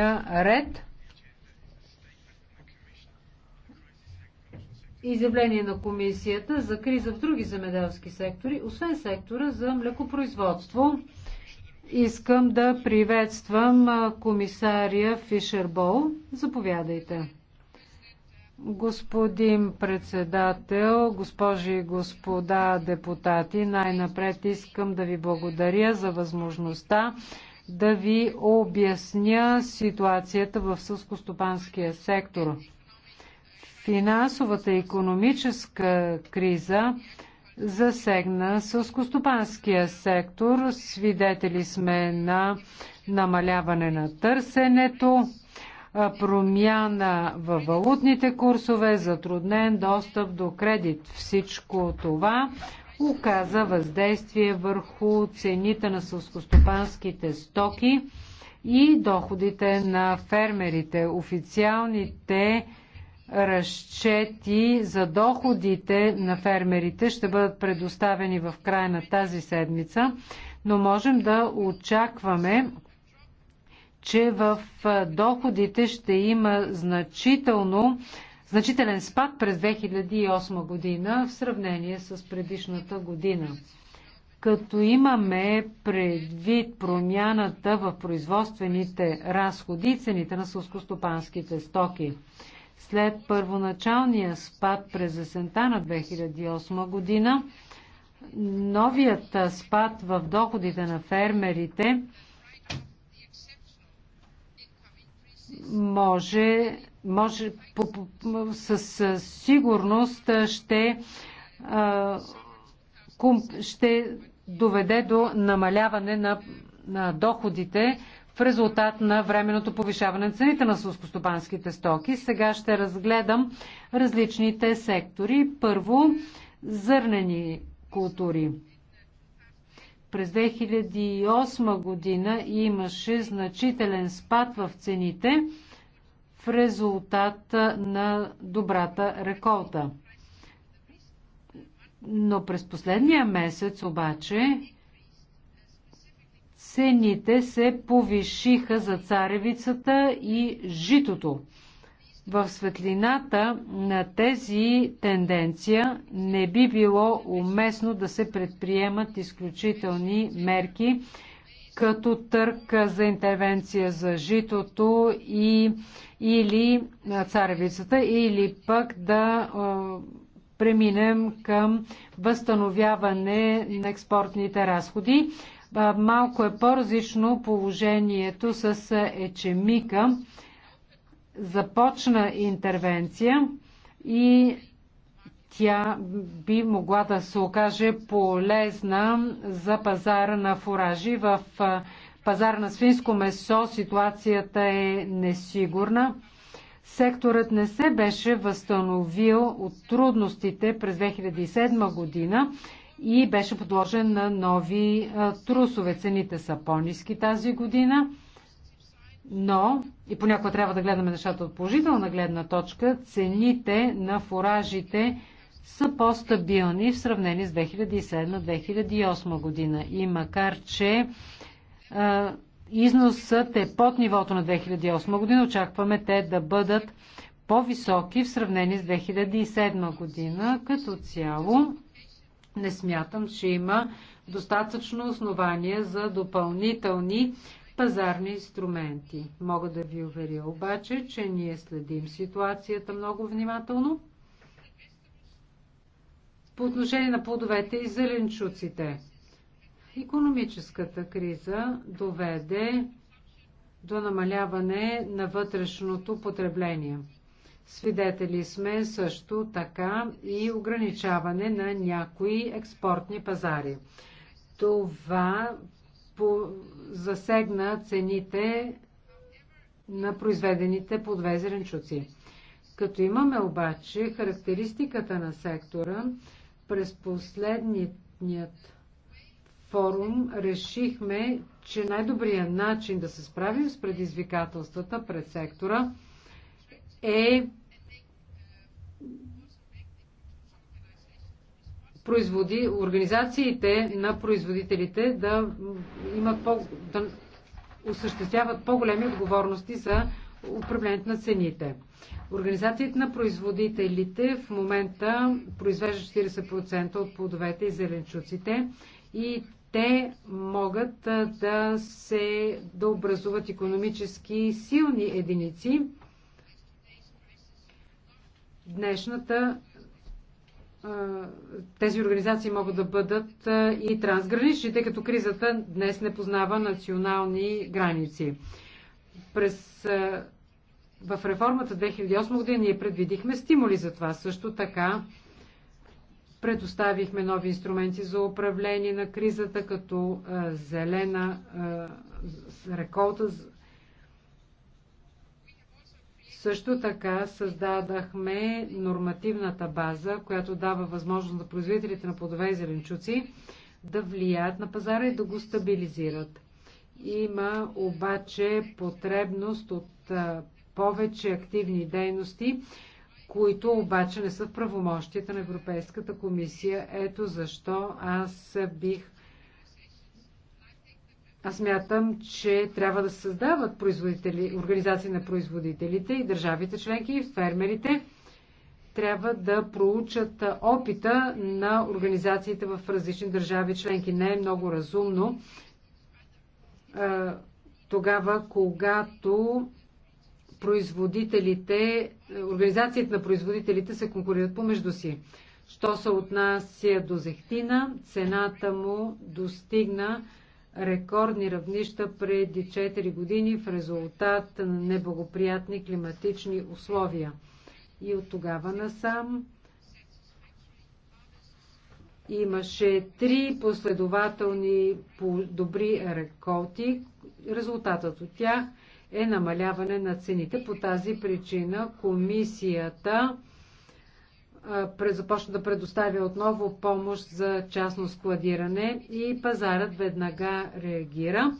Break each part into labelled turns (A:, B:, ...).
A: е ред. Изявление на комисията за криза в други земеделски сектори, освен сектора за млекопроизводство. Искам да приветствам комисария Бол. Заповядайте. Господин председател, госпожи и господа депутати, най-напред искам да ви благодаря за възможността да ви обясня ситуацията в сълскостопанския сектор. Финансовата и економическа криза засегна сълскостопанския сектор. Свидетели сме на намаляване на търсенето, промяна в валутните курсове, затруднен достъп до кредит. Всичко това оказа въздействие върху цените на сълскостопанските стоки и доходите на фермерите. Официалните разчети за доходите на фермерите ще бъдат предоставени в края на тази седмица, но можем да очакваме, че в доходите ще има значително значителен спад през 2008 година в сравнение с предишната година. Като имаме предвид промяната в производствените разходи и цените на сълскостопанските стоки. След първоначалния спад през есента на 2008 година, новият спад в доходите на фермерите може може по, по, с сигурност ще, а, кум, ще доведе до намаляване на, на доходите в резултат на временното повишаване на цените на сълскостопанските стоки. Сега ще разгледам различните сектори. Първо, зърнени култури. През 2008 година имаше значителен спад в цените в резултат на добрата реколта. Но през последния месец обаче цените се повишиха за царевицата и житото. В светлината на тези тенденция не би било уместно да се предприемат изключителни мерки, като търка за интервенция за житото и или царевицата, или пък да преминем към възстановяване на експортните разходи. Малко е по-различно положението с Ечемика. Започна интервенция и тя би могла да се окаже полезна за пазара на фуражи в пазар на свинско месо ситуацията е несигурна. Секторът не се беше възстановил от трудностите през 2007 година и беше подложен на нови трусове. Цените са по-низки тази година, но и понякога трябва да гледаме нещата от положителна гледна точка, цените на фуражите са по-стабилни в сравнение с 2007-2008 година. И макар, че износът е под нивото на 2008 година. Очакваме те да бъдат по-високи в сравнение с 2007 година. Като цяло не смятам, че има достатъчно основания за допълнителни пазарни инструменти. Мога да ви уверя обаче, че ние следим ситуацията много внимателно. По отношение на плодовете и зеленчуците. Економическата криза доведе до намаляване на вътрешното потребление. Свидетели сме също така и ограничаване на някои експортни пазари. Това по... засегна цените на произведените подве зеленчуци. Като имаме обаче характеристиката на сектора, през последният форум решихме, че най-добрият начин да се справим с предизвикателствата пред сектора е производи, организациите на производителите да имат по, да осъществяват по-големи отговорности за управлението на цените. Организациите на производителите в момента произвеждат 40% от плодовете и зеленчуците и те могат да се да образуват економически силни единици. Днешната тези организации могат да бъдат и трансгранични, тъй като кризата днес не познава национални граници. През, в реформата 2008 година ние предвидихме стимули за това. Също така Предоставихме нови инструменти за управление на кризата, като зелена реколта. Също така създадахме нормативната база, която дава възможност на производителите на плодове и зеленчуци да влияят на пазара и да го стабилизират. Има обаче потребност от повече активни дейности, които обаче не са в правомощията на Европейската комисия. Ето защо аз бих аз мятам, че трябва да се създават производители, организации на производителите и държавите членки и фермерите трябва да проучат опита на организациите в различни държави членки. Не е много разумно тогава, когато производителите, организациите на производителите се конкурират помежду си. Що се отнася до зехтина, цената му достигна рекордни равнища преди 4 години в резултат на неблагоприятни климатични условия. И от тогава насам имаше три последователни добри реколти. Резултатът от тях е намаляване на цените. По тази причина комисията започна да предоставя отново помощ за частно складиране и пазарът веднага реагира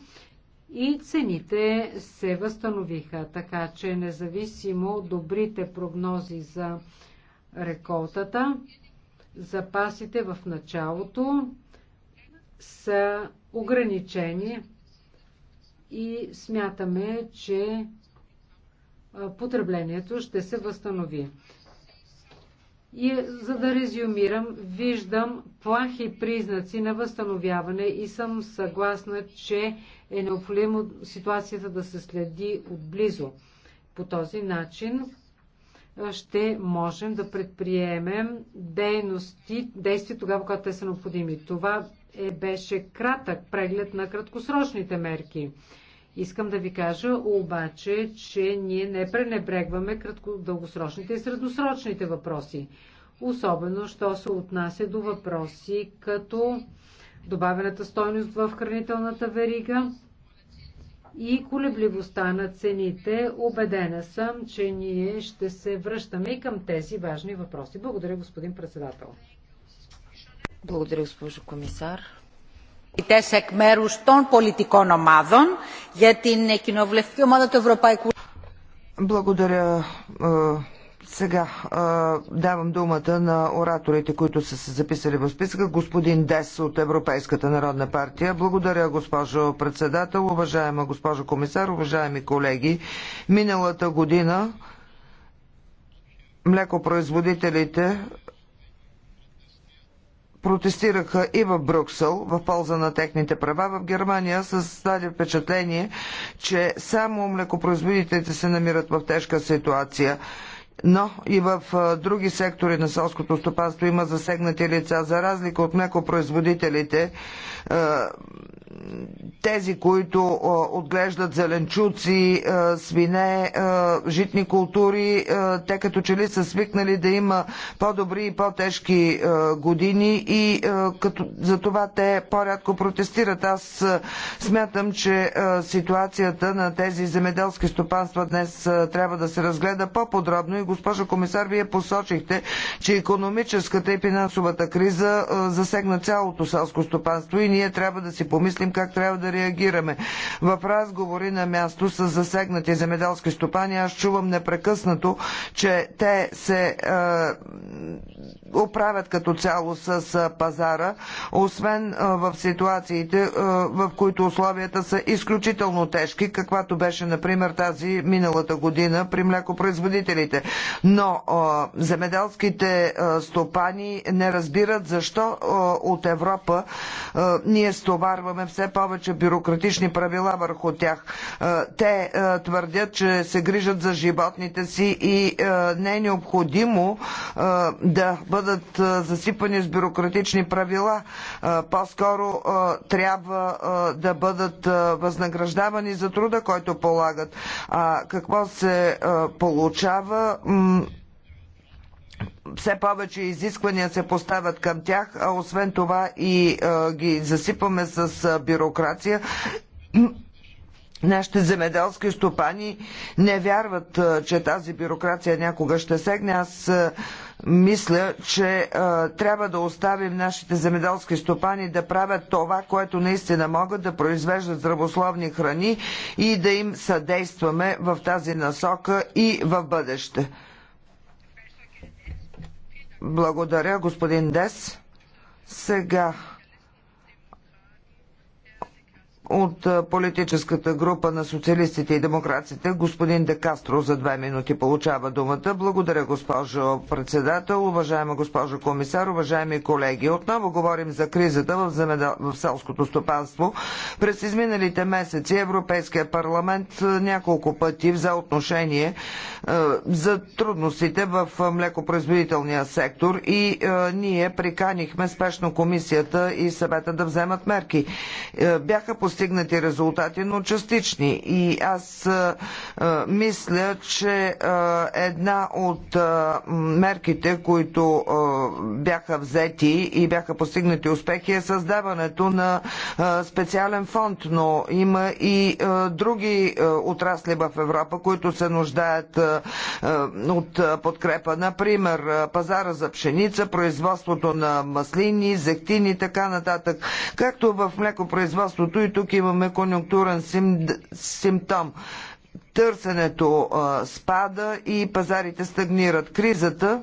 A: и цените се възстановиха. Така че независимо от добрите прогнози за реколтата, запасите в началото са ограничени и смятаме, че потреблението ще се възстанови. И за да резюмирам, виждам плахи признаци на възстановяване и съм съгласна, че е необходимо ситуацията да се следи отблизо. По този начин ще можем да предприемем дейности, действия тогава, когато те са необходими. Това е, беше кратък преглед на краткосрочните мерки. Искам да ви кажа обаче, че ние не пренебрегваме дългосрочните и средносрочните въпроси. Особено, що се отнася до въпроси като добавената стойност в хранителната верига и колебливостта на цените. Обедена съм, че ние ще се връщаме и към тези важни въпроси. Благодаря, господин председател. Благодаря, госпожо комисар. Εκ μέρου των πολιτικών ομάδων για την κοινοβουλευτική ομάδα του Ευρωπαϊκού.
B: Благодаря. Сега давам думата на ораторите, които са се записали в списъка. Господин Дес от Европейската народна партия. Благодаря, госпожо председател, уважаема госпожо комисар, уважаеми колеги. Миналата година млекопроизводителите протестираха и в Брюксел в полза на техните права. В Германия създаде впечатление, че само млекопроизводителите се намират в тежка ситуация но и в други сектори на селското стопанство има засегнати лица. За разлика от млекопроизводителите, тези, които отглеждат зеленчуци, свине, житни култури, те като че ли са свикнали да има по-добри и по-тежки години и като, за това те по-рядко протестират. Аз смятам, че ситуацията на тези земеделски стопанства днес трябва да се разгледа по-подробно и госпожа комисар, вие посочихте, че економическата и финансовата криза засегна цялото селско стопанство и ние трябва да си помислим мислим как трябва да реагираме. В разговори на място с засегнати земеделски стопани аз чувам непрекъснато, че те се оправят като цяло с пазара, освен в ситуациите, в които условията са изключително тежки, каквато беше, например, тази миналата година при млекопроизводителите. Но земеделските стопани не разбират защо от Европа ние стоварваме все повече бюрократични правила върху тях. Те твърдят, че се грижат за животните си и не е необходимо да бъдат бъдат засипани с бюрократични правила. По-скоро трябва да бъдат възнаграждавани за труда, който полагат. А какво се получава? все повече изисквания се поставят към тях, а освен това и ги засипаме с бюрокрация. Нашите земеделски стопани не вярват, че тази бюрокрация някога ще сегне. Аз мисля, че а, трябва да оставим нашите земеделски стопани да правят това, което наистина могат да произвеждат здравословни храни и да им съдействаме в тази насока и в бъдеще. Благодаря, господин Дес. Сега от политическата група на социалистите и демократите, господин Де Кастро, за две минути получава думата. Благодаря, госпожо председател, уважаема госпожо комисар, уважаеми колеги. Отново говорим за кризата в, земеда... в селското стопанство. През изминалите месеци Европейския парламент няколко пъти взе отношение за трудностите в млекопроизводителния сектор и ние приканихме спешно комисията и съвета да вземат мерки. бяха постигнати постигнати резултати, но частични. И аз мисля, че една от мерките, които бяха взети и бяха постигнати успехи е създаването на специален фонд, но има и други отрасли в Европа, които се нуждаят от подкрепа. Например, пазара за пшеница, производството на маслини, зехтини и така нататък. Както в млекопроизводството и тук тук имаме конъюнктурен сим, симптом. Търсенето а, спада и пазарите стагнират. Кризата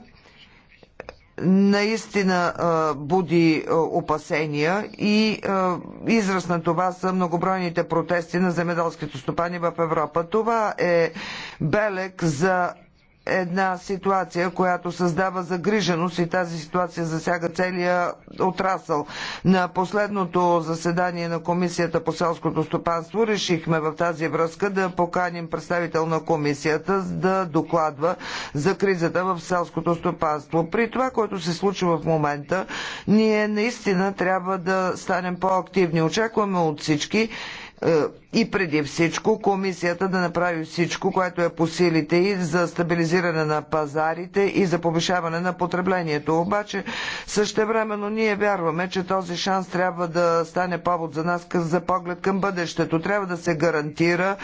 B: наистина буди опасения и израз на това са многобройните протести на земеделските стопани в Европа. Това е белег за една ситуация, която създава загриженост и тази ситуация засяга целия отрасъл. На последното заседание на Комисията по селското стопанство решихме в тази връзка да поканим представител на Комисията да докладва за кризата в селското стопанство. При това, което се случва в момента, ние наистина трябва да станем по-активни. Очакваме от всички е, и преди всичко комисията да направи всичко, което е по силите и за стабилизиране на пазарите и за повишаване на потреблението. Обаче същевременно ние вярваме, че този шанс трябва да стане повод за нас за поглед към бъдещето. Трябва да се гарантира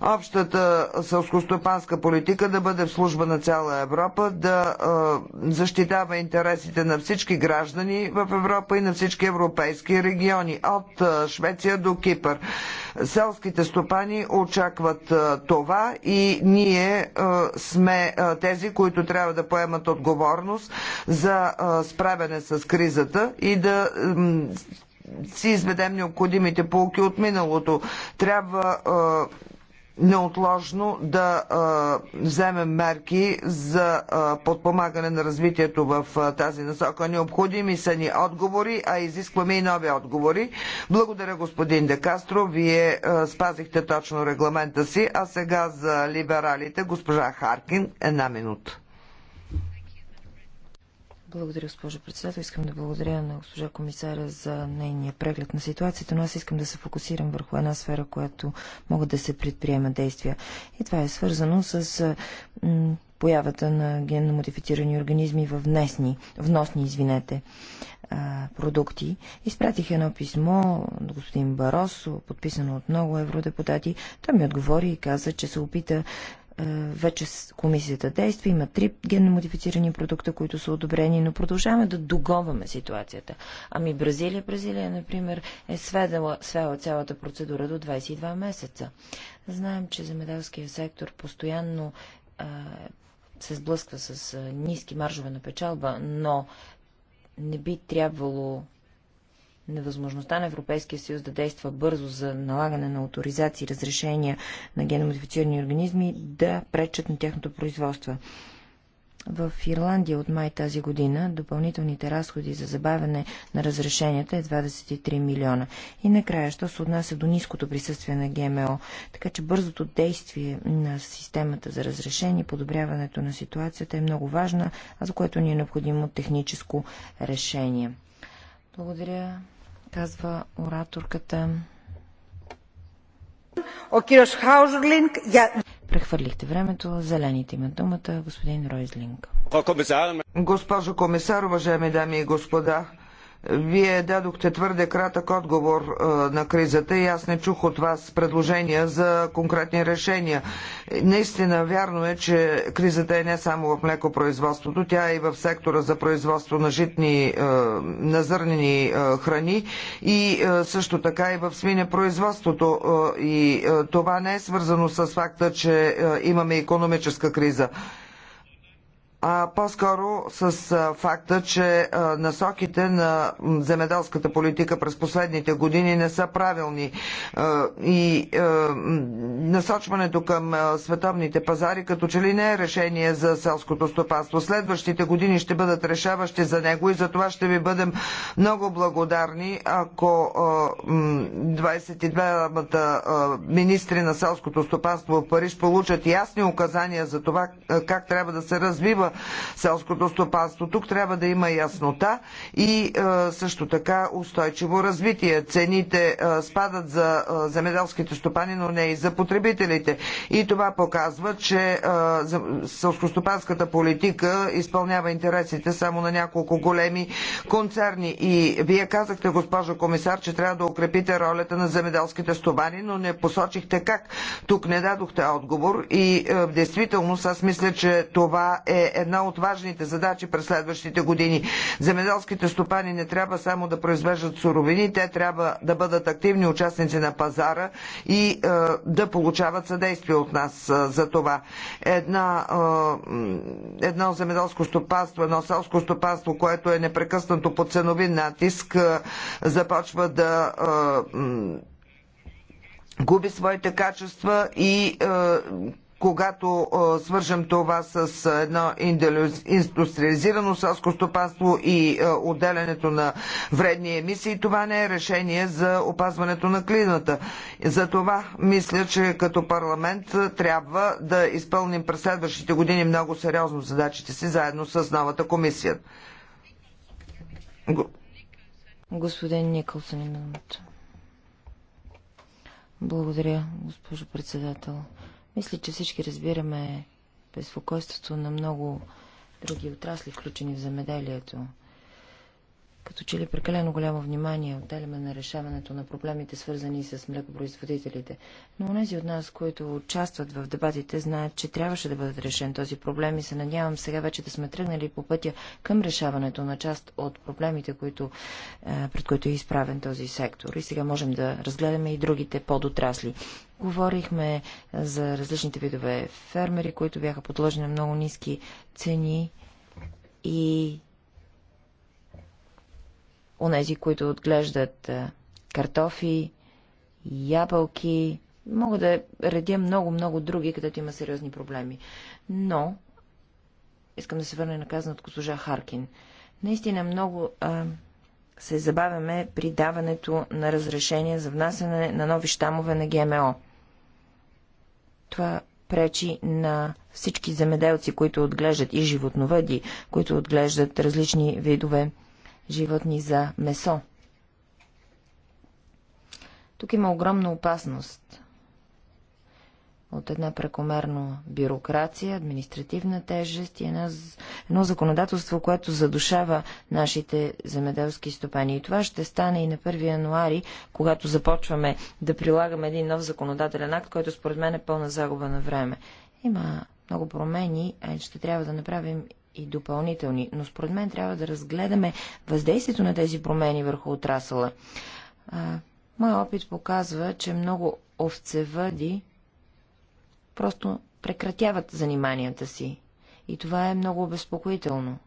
B: общата сълскостопанска политика да бъде в служба на цяла Европа, да е, защитава интересите на всички граждани в Европа и на всички европейски региони, от е, Швеция до Кипър. Селските стопани очакват това и ние сме тези, които трябва да поемат отговорност за справяне с кризата и да си изведем необходимите полки от миналото. Трябва неотложно да а, вземем мерки за а, подпомагане на развитието в а, тази насока. Необходими са ни отговори, а изискваме и нови отговори. Благодаря господин Декастро, вие а, спазихте точно регламента си, а сега за либералите госпожа Харкин една минута. Благодаря,
C: госпожо председател. Искам да благодаря на госпожа комисаря за нейния преглед на ситуацията, но аз искам да се фокусирам върху една сфера, която могат да се предприема действия. И това е свързано с появата на генно модифицирани организми в внесни, вносни извинете, продукти. Изпратих едно писмо до господин Баросо, подписано от много евродепутати. Той ми отговори и каза, че се опита е, вече комисията действа, има три генно модифицирани продукта, които са одобрени, но продължаваме да договаме ситуацията. Ами Бразилия, Бразилия, например, е сведала, свела цялата процедура до 22 месеца. Знаем, че земеделския сектор постоянно а, е, се сблъсква с а, е, ниски маржове на печалба, но не би трябвало невъзможността на Европейския съюз да действа бързо за налагане на авторизации и разрешения на геномодифицирани организми да пречат на тяхното производство. В Ирландия от май тази година допълнителните разходи за забавяне на разрешенията е 23 милиона. И накрая, що се отнася до ниското присъствие на ГМО, така че бързото действие на системата за разрешение, подобряването на ситуацията е много важна, а за което ни е необходимо техническо решение. Благодаря казва ораторката. Прехвърлихте времето. Зелените имат думата. Господин Ройзлинг.
B: Госпожо комисар, уважаеми дами и господа, вие дадохте твърде кратък отговор на кризата и аз не чух от вас предложения за конкретни решения. Наистина вярно е, че кризата е не само в млекопроизводството, тя е и в сектора за производство на житни, на зърнени храни и също така и в свинепроизводството. И това не е свързано с факта, че имаме економическа криза а по-скоро с факта, че насоките на земеделската политика през последните години не са правилни и насочването към световните пазари като че ли не е решение за селското стопанство. Следващите години ще бъдат решаващи за него и за това ще ви бъдем много благодарни, ако 22 та министри на селското стопанство в Париж получат ясни указания за това как трябва да се развива селското стопанство. Тук трябва да има яснота и е, също така устойчиво развитие. Цените е, спадат за е, земеделските стопани, но не и за потребителите. И това показва, че селскостопанската политика изпълнява интересите само на няколко големи концерни. И вие казахте, госпожо комисар, че трябва да укрепите ролята на земеделските стопани, но не посочихте как. Тук не дадохте отговор и в действителност аз мисля, че това е една от важните задачи през следващите години. Земеделските стопани не трябва само да произвеждат суровини, те трябва да бъдат активни участници на пазара и е, да получават съдействие от нас е, за това. Една, е, едно земеделско стопанство, едно селско стопанство, което е непрекъснато по ценови натиск, започва да губи своите качества и е, когато свържем това с едно индустриализирано селско стопанство и отделянето на вредни емисии, това не е решение за опазването на За Затова мисля, че като парламент трябва да изпълним през следващите години много сериозно задачите си, заедно с новата комисия.
C: Господин Николсън, Благодаря, госпожо председател. Мисля, че всички разбираме безпокойството на много други отрасли, включени в замеделието. Като че ли прекалено голямо внимание отделяме на решаването на проблемите, свързани с млекопроизводителите. Но онези от нас, които участват в дебатите, знаят, че трябваше да бъдат решен този проблем и се надявам сега вече да сме тръгнали по пътя към решаването на част от проблемите, които, е, пред които е изправен този сектор. И сега можем да разгледаме и другите подотрасли. Говорихме за различните видове фермери, които бяха подложени на много ниски цени и Онези, които отглеждат картофи, ябълки, мога да редя много-много други, където има сериозни проблеми. Но, искам да се върна на казан от госпожа Харкин. Наистина много а, се забавяме при даването на разрешение за внасяне на нови щамове на ГМО. Това пречи на всички земеделци, които отглеждат и животновъди, които отглеждат различни видове животни за месо. Тук има огромна опасност от една прекомерно бюрокрация, административна тежест и едно, едно законодателство, което задушава нашите земеделски стопани. И това ще стане и на 1 януари, когато започваме да прилагаме един нов законодателен акт, който според мен е пълна загуба на време. Има много промени, а ще трябва да направим и допълнителни, но според мен трябва да разгледаме въздействието на тези промени върху отрасъла. Моя опит показва, че много овцевъди просто прекратяват заниманията си. И това е много обезпокоително.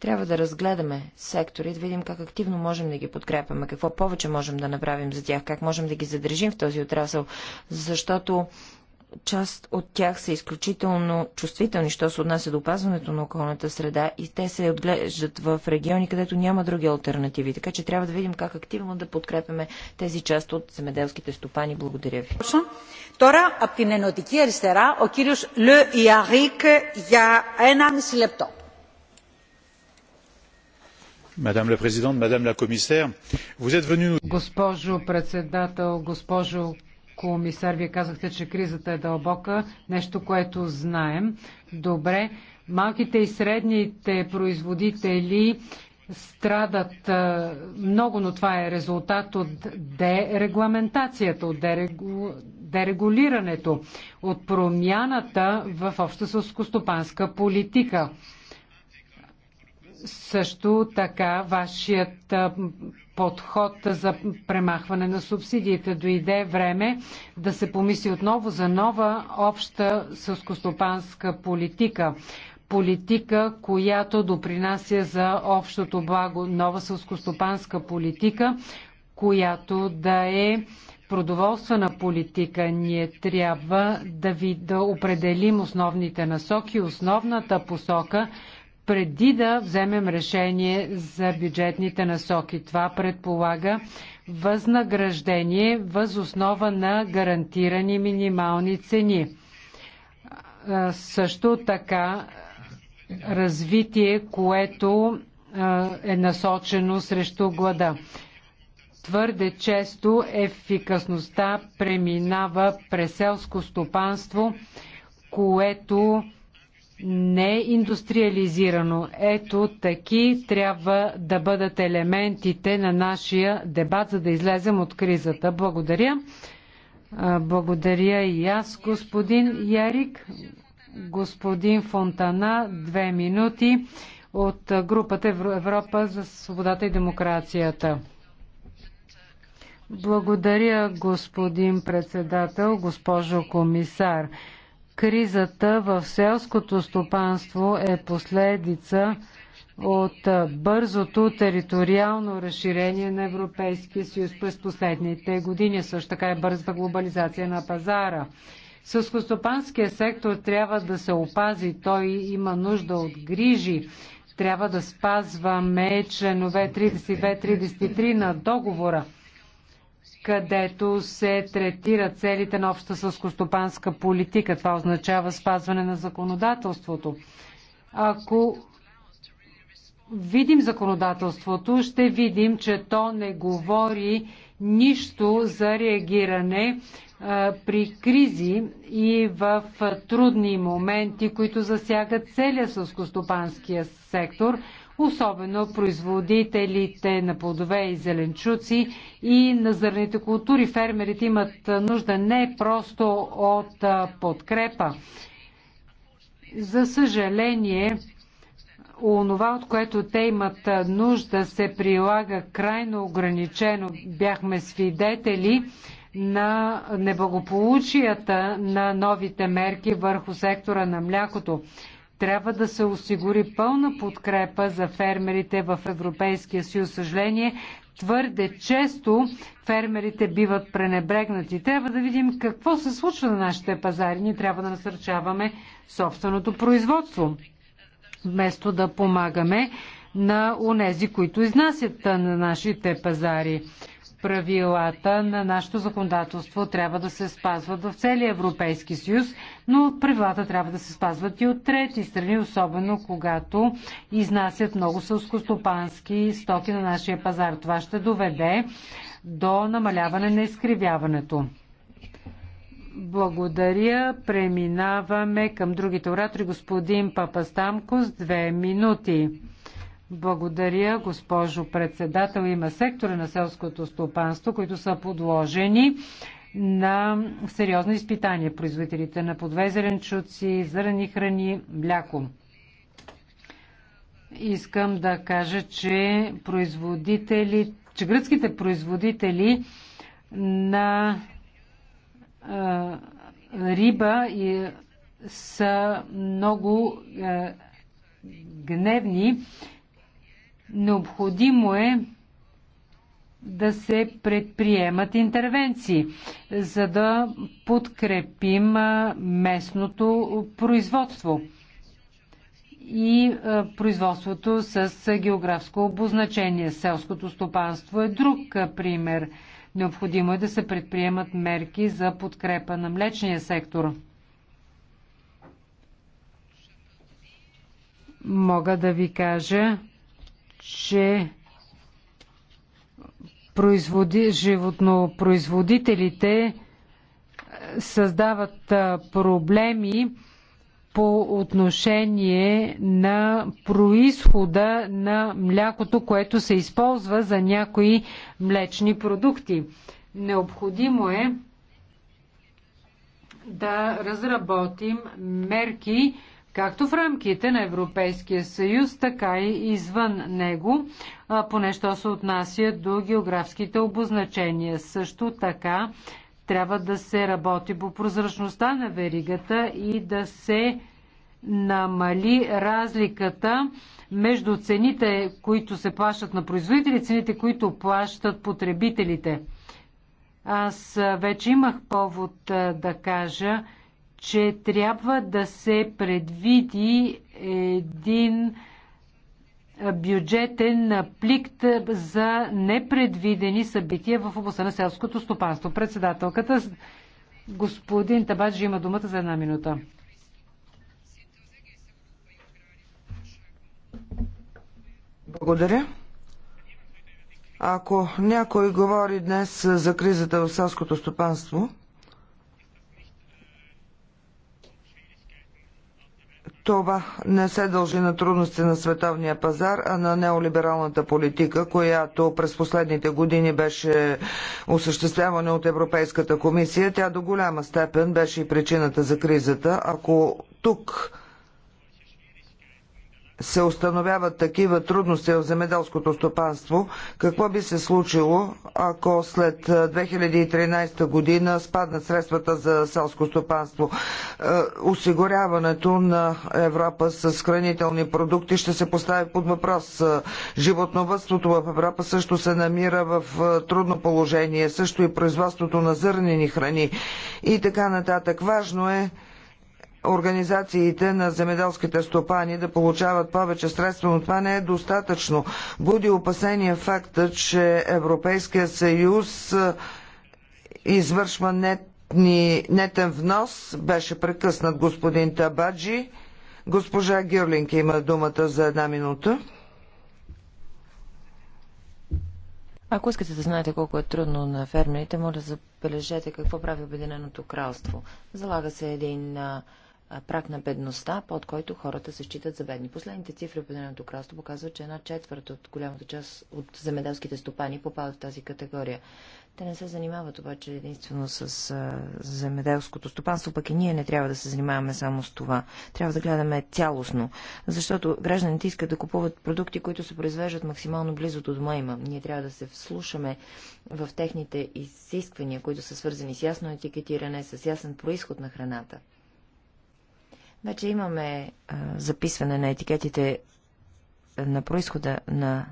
C: Трябва да разгледаме сектори, да видим как активно можем да ги подкрепяме, какво повече можем да направим за тях, как можем да ги задържим в този отрасъл, защото част от тях са изключително чувствителни, що се отнася до опазването на околната среда и те се отглеждат в региони, където няма други альтернативи. Така че трябва да видим как активно да подкрепяме тези част от земеделските стопани. Благодаря ви. Тора, από την Ενωτική Αριστερά ο κύριος Λε Ιαρίκ για 1,5 λεπτό.
A: Madame la présidente, madame la commissaire, vous êtes venue nous... Госпожо председател, госпожо комисар, вие казахте, че кризата е дълбока, нещо, което знаем. Добре, малките и средните производители страдат много, но това е резултат от дерегламентацията, от дерегулирането, от промяната в обща сълскостопанска политика. Също така, вашият подход за премахване на субсидиите дойде време да се помисли отново за нова обща сълскостопанска политика политика, която допринася за общото благо, нова сълскостопанска политика, която да е продоволствена политика. Ние трябва да, ви, да определим основните насоки, основната посока, преди да вземем решение за бюджетните насоки. Това предполага възнаграждение въз основа на гарантирани минимални цени. Също така развитие, което е насочено срещу глада. Твърде често ефикасността преминава през селско стопанство, което не е индустриализирано. Ето таки трябва да бъдат елементите на нашия дебат, за да излезем от кризата. Благодаря. Благодаря и аз, господин Ярик. Господин Фонтана, две минути от групата Европа за свободата и демокрацията. Благодаря, господин председател, госпожо комисар. Кризата в селското стопанство е последица от бързото териториално разширение на Европейския съюз през последните години. Също така е бърза глобализация на пазара. Сълскостопанския сектор трябва да се опази. Той има нужда от грижи. Трябва да спазваме членове 32-33 на договора където се третират целите на обща сълскостопанска политика. Това означава спазване на законодателството. Ако видим законодателството, ще видим, че то не говори нищо за реагиране при кризи и в трудни моменти, които засягат целия сълскостопанския сектор особено производителите на плодове и зеленчуци и на зърните култури. Фермерите имат нужда не просто от подкрепа. За съжаление, онова, от което те имат нужда, се прилага крайно ограничено. Бяхме свидетели на неблагополучията на новите мерки върху сектора на млякото. Трябва да се осигури пълна подкрепа за фермерите в Европейския съюз. Съжаление, твърде често фермерите биват пренебрегнати. Трябва да видим какво се случва на нашите пазари. Ние трябва да насърчаваме собственото производство, вместо да помагаме на онези, които изнасят на нашите пазари правилата на нашето законодателство трябва да се спазват в целия Европейски съюз, но правилата трябва да се спазват и от трети страни, особено когато изнасят много сълскостопански стоки на нашия пазар. Това ще доведе до намаляване на изкривяването. Благодаря. Преминаваме към другите оратори. Господин Папастамко с две минути. Благодаря, госпожо председател. Има сектори на селското стопанство, които са подложени на сериозни изпитания. Производителите на подвезеренчуци, зърни храни, мляко. Искам да кажа, че производители, че гръцките производители на а, риба и, са много а, гневни Необходимо е да се предприемат интервенции, за да подкрепим местното производство и производството с географско обозначение. Селското стопанство е друг пример. Необходимо е да се предприемат мерки за подкрепа на млечния сектор. Мога да ви кажа, че производи, животнопроизводителите е, създават е, проблеми по отношение на происхода на млякото, което се използва за някои млечни продукти. Необходимо е да разработим мерки, както в рамките на Европейския съюз, така и извън него, поне що се отнася до географските обозначения. Също така трябва да се работи по прозрачността на веригата и да се намали разликата между цените, които се плащат на производители и цените, които плащат потребителите. Аз вече имах повод да кажа, че трябва да се предвиди един бюджетен пликт за непредвидени събития в областта на селското стопанство. Председателката господин Табаджи има думата за една минута.
B: Благодаря. Ако някой говори днес за кризата в селското стопанство, Това не се дължи на трудности на световния пазар, а на неолибералната политика, която през последните години беше осъществявана от Европейската комисия. Тя до голяма степен беше и причината за кризата. Ако тук се установяват такива трудности в земеделското стопанство, какво би се случило, ако след 2013 година спаднат средствата за селско стопанство? Осигуряването на Европа с хранителни продукти ще се постави под въпрос. Животновътството в Европа също се намира в трудно положение, също и производството на зърнени храни и така нататък. Важно е организациите на земеделските стопани да получават повече средства, но това не е достатъчно. Буди опасение факта, че Европейския съюз извършва нетни, нетен внос. Беше прекъснат господин Табаджи. Госпожа Гюрлинг има думата за една минута.
C: Ако искате да знаете колко е трудно на фермерите, моля да забележете какво прави Обединеното кралство. Залага се един прак на бедността, под който хората се считат за бедни. Последните цифри в Обединеното кралство показват, че една четвърт от голямата част от земеделските стопани попадат в тази категория. Те не се занимават обаче единствено с а, земеделското стопанство, пък и ние не трябва да се занимаваме само с това. Трябва да гледаме цялостно, защото гражданите искат да купуват продукти, които се произвеждат максимално близо до дома има. Ние трябва да се вслушаме в техните изисквания, които са свързани с ясно етикетиране, с ясен происход на храната. Вече имаме а, записване на етикетите е, на происхода на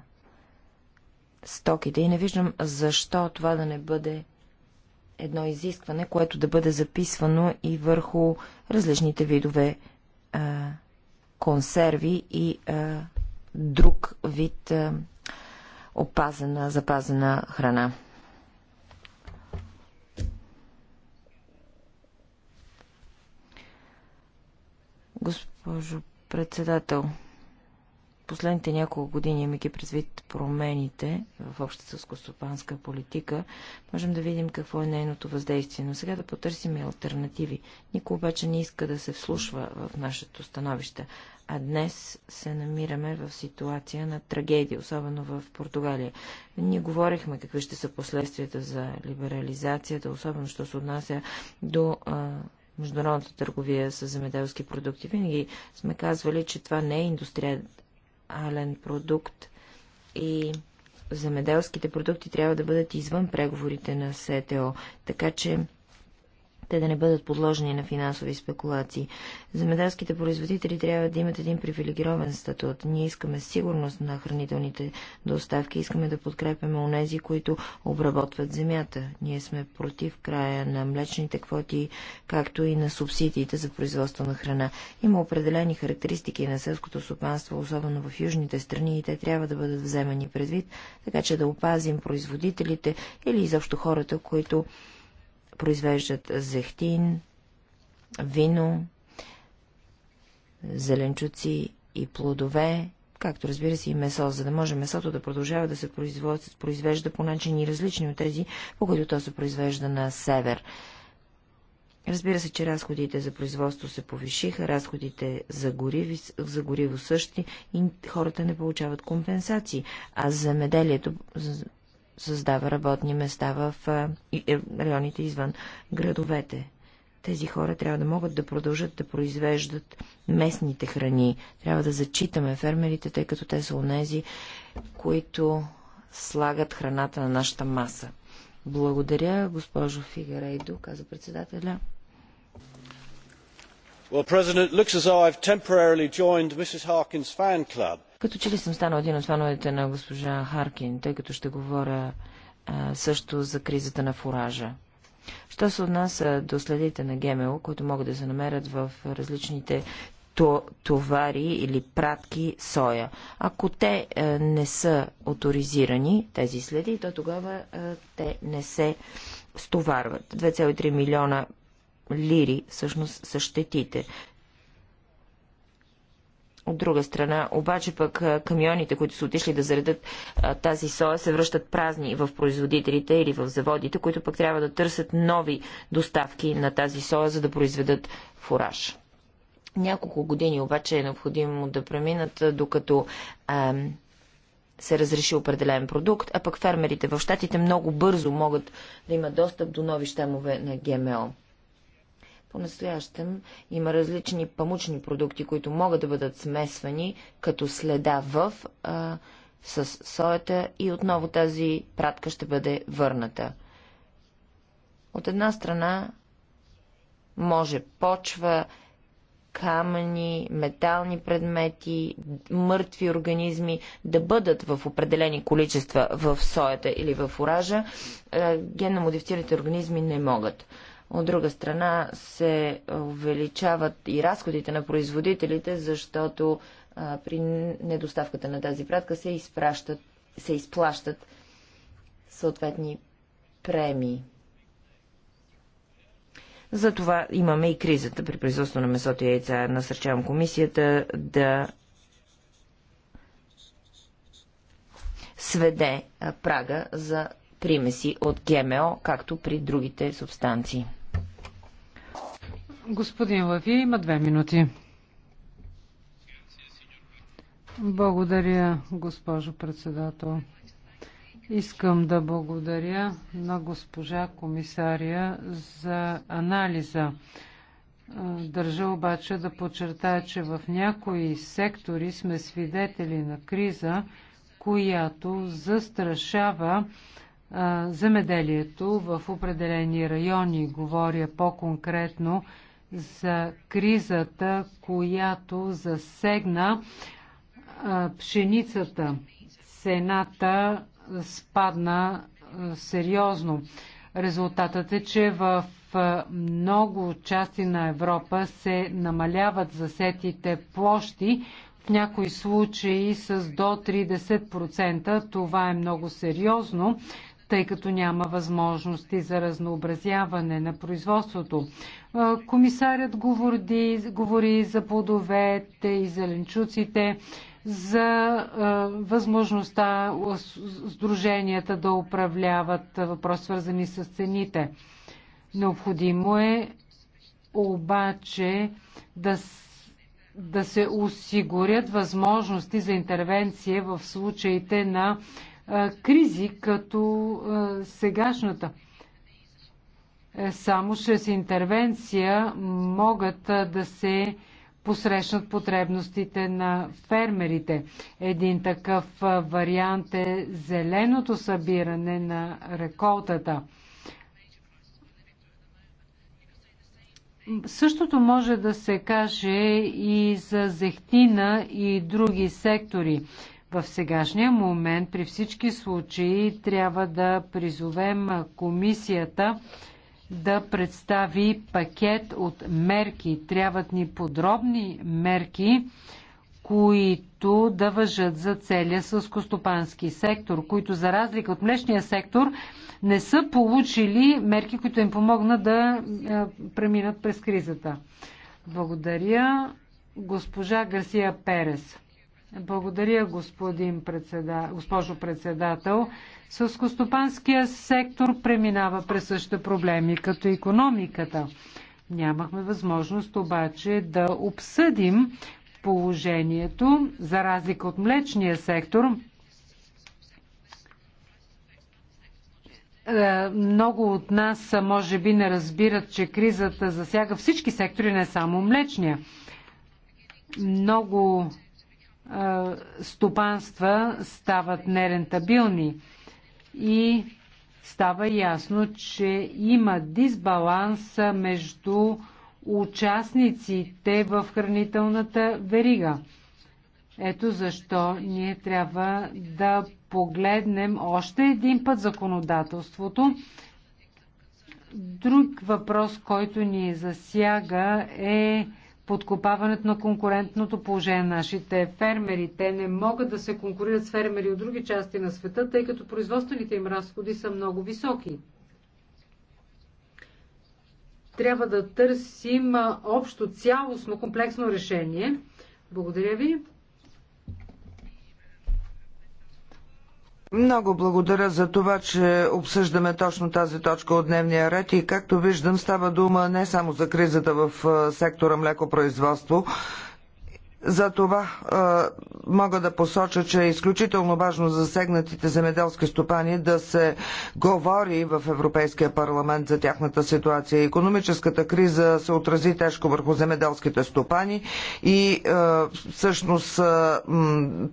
C: стоките и не виждам защо това да не бъде едно изискване, което да бъде записвано и върху различните видове а, консерви и а, друг вид а, опазена, запазена храна. Госпожо председател, последните няколко години, имайки предвид промените в общата сълскостопанска политика, можем да видим какво е нейното въздействие. Но сега да потърсим альтернативи. Никой обаче не иска да се вслушва в нашето становище. А днес се намираме в ситуация на трагедия, особено в Португалия. Ние говорихме какви ще са последствията за либерализацията, особено що се отнася до а, международната търговия с земеделски продукти. Винаги сме казвали, че това не е индустриален продукт и земеделските продукти трябва да бъдат извън преговорите на СТО. Така че те да не бъдат подложени на финансови спекулации. Земеделските производители трябва да имат един привилегирован статут. Ние искаме сигурност на хранителните доставки, искаме да подкрепяме онези, които обработват земята. Ние сме против края на млечните квоти, както и на субсидиите за производство на храна. Има определени характеристики на селското стопанство, особено в южните страни, и те трябва да бъдат вземани предвид, така че да опазим производителите или изобщо хората, които произвеждат зехтин, вино, зеленчуци и плодове, както разбира се и месо, за да може месото да продължава да се произвежда по начини различни от тези, по които то се произвежда на север. Разбира се, че разходите за производство се повишиха, разходите за, гориво, за гориво същи и хората не получават компенсации, а земеделието създава работни места в е, районите извън градовете. Тези хора трябва да могат да продължат да произвеждат местните храни. Трябва да зачитаме фермерите, тъй като те са онези, които слагат храната на нашата маса. Благодаря, госпожо Фигарейдо, каза председателя.
A: Well, President, looks as though I've temporarily joined Mrs. Harkin's fan club.
C: Като че ли съм станал един от фановете на госпожа Харкин, тъй като ще говоря а, също за кризата на фуража. Що се отнася до следите на ГМО, които могат да се намерят в различните товари или пратки соя. Ако те е, не са авторизирани, тези следи, то тогава е, те не се стоварват. 2,3 милиона лири всъщност са щетите. От друга страна, обаче пък камионите, които са отишли да заредат тази соя, се връщат празни в производителите или в заводите, които пък трябва да търсят нови доставки на тази соя, за да произведат фураж. Няколко години обаче е необходимо да преминат, докато а, се разреши определен продукт, а пък фермерите в щатите много бързо могат да имат достъп до нови щамове на ГМО. По-настоящем има различни памучни продукти, които могат да бъдат смесвани като следа в а, с соята и отново тази пратка ще бъде върната. От една страна може почва, камъни, метални предмети, мъртви организми да бъдат в определени количества в соята или в оража, е, генно модифицираните организми не могат. От друга страна се увеличават и разходите на производителите, защото а, при недоставката на тази пратка се, изпращат, се изплащат съответни премии. Затова имаме и кризата при производство на месото и яйца. Насърчавам комисията да сведе прага за примеси от ГМО, както при другите субстанции.
A: Господин Лави има две минути. Благодаря, госпожо председател. Искам да благодаря на госпожа комисария за анализа. Държа обаче да подчертая, че в някои сектори сме свидетели на криза, която застрашава земеделието в определени райони. Говоря по-конкретно за кризата, която засегна пшеницата. Цената спадна сериозно. Резултатът е, че в много части на Европа се намаляват засетите площи, в някои случаи с до 30%. Това е много сериозно тъй като няма възможности за разнообразяване на производството. Комисарят говори, говори за плодовете и зеленчуците, за възможността сдруженията да управляват въпроси, свързани с цените. Необходимо е обаче да, да се осигурят възможности за интервенция в случаите на кризи като сегашната. Е, само чрез интервенция могат да се посрещнат потребностите на фермерите. Един такъв вариант е зеленото събиране на реколтата. Същото може да се каже и за зехтина и други сектори. В сегашния момент при всички случаи трябва да призовем комисията да представи пакет от мерки. Трябват ни подробни мерки, които да въжат за целия съскостопански сектор, които за разлика от млечния сектор не са получили мерки, които им помогнат да е, преминат през кризата. Благодаря. Госпожа Гарсия Перес. Благодаря, господин председа... госпожо председател. Сълскостопанския сектор преминава през същите проблеми като економиката. Нямахме възможност обаче да обсъдим положението, за разлика от млечния сектор. Е, много от нас може би не разбират, че кризата засяга всички сектори, не само млечния. Много стопанства стават нерентабилни и става ясно, че има дисбаланс между участниците в хранителната верига. Ето защо ние трябва да погледнем още един път законодателството. Друг въпрос, който ни засяга е подкопаването на конкурентното положение на нашите фермери. Те не могат да се конкурират с фермери от други части на света, тъй като производствените им разходи са много високи. Трябва да търсим общо цялостно комплексно решение. Благодаря ви.
B: Много благодаря за това, че обсъждаме точно тази точка от дневния ред и както виждам става дума не само за кризата в сектора млекопроизводство, за това мога да посоча, че е изключително важно за засегнатите земеделски стопани да се говори в Европейския парламент за тяхната ситуация. Економическата криза се отрази тежко върху земеделските стопани и всъщност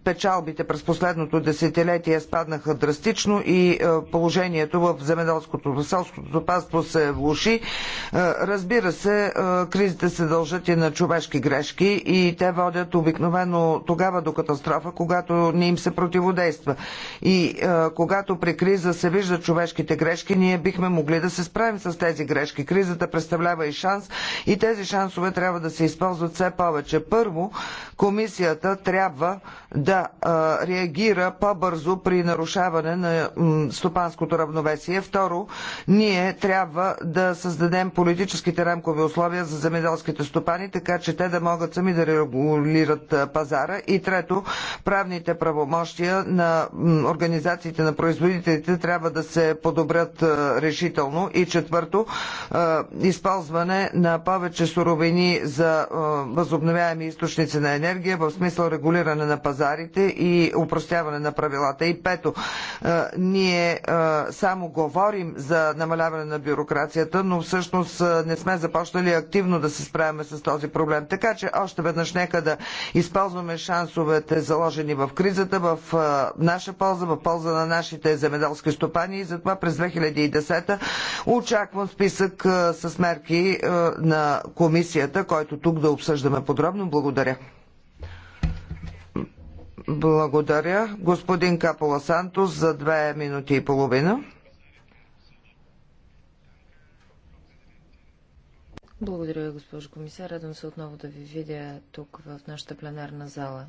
B: печалбите през последното десетилетие спаднаха драстично и положението в земеделското в селското стопанство се влуши. разбира се, кризите се дължат и на човешки грешки и те водят реагират обикновено тогава до катастрофа, когато не им се противодейства. И а, е, когато при криза се виждат човешките грешки, ние бихме могли да се справим с тези грешки. Кризата представлява и шанс и тези шансове трябва да се използват все повече. Първо, комисията трябва да а, е, реагира по-бързо при нарушаване на м, стопанското равновесие. Второ, ние трябва да създадем политическите рамкови условия за земеделските стопани, така че те да могат сами да регулират контролират пазара и трето, правните правомощия на организациите на производителите трябва да се подобрят решително и четвърто, използване на повече суровини за възобновяеми източници на енергия в смисъл регулиране на пазарите и упростяване на правилата. И пето, ние само говорим за намаляване на бюрокрацията, но всъщност не сме започнали активно да се справяме с този проблем. Така че още веднъж нека да да използваме шансовете заложени в кризата в наша полза, в полза на нашите земеделски стопани и затова през 2010 очаквам списък с мерки на комисията, който тук да обсъждаме подробно. Благодаря. Благодаря. Господин Капола Сантос за две минути и половина.
C: Благодаря, госпожо комисар. Радвам се отново да ви видя тук в нашата пленарна зала.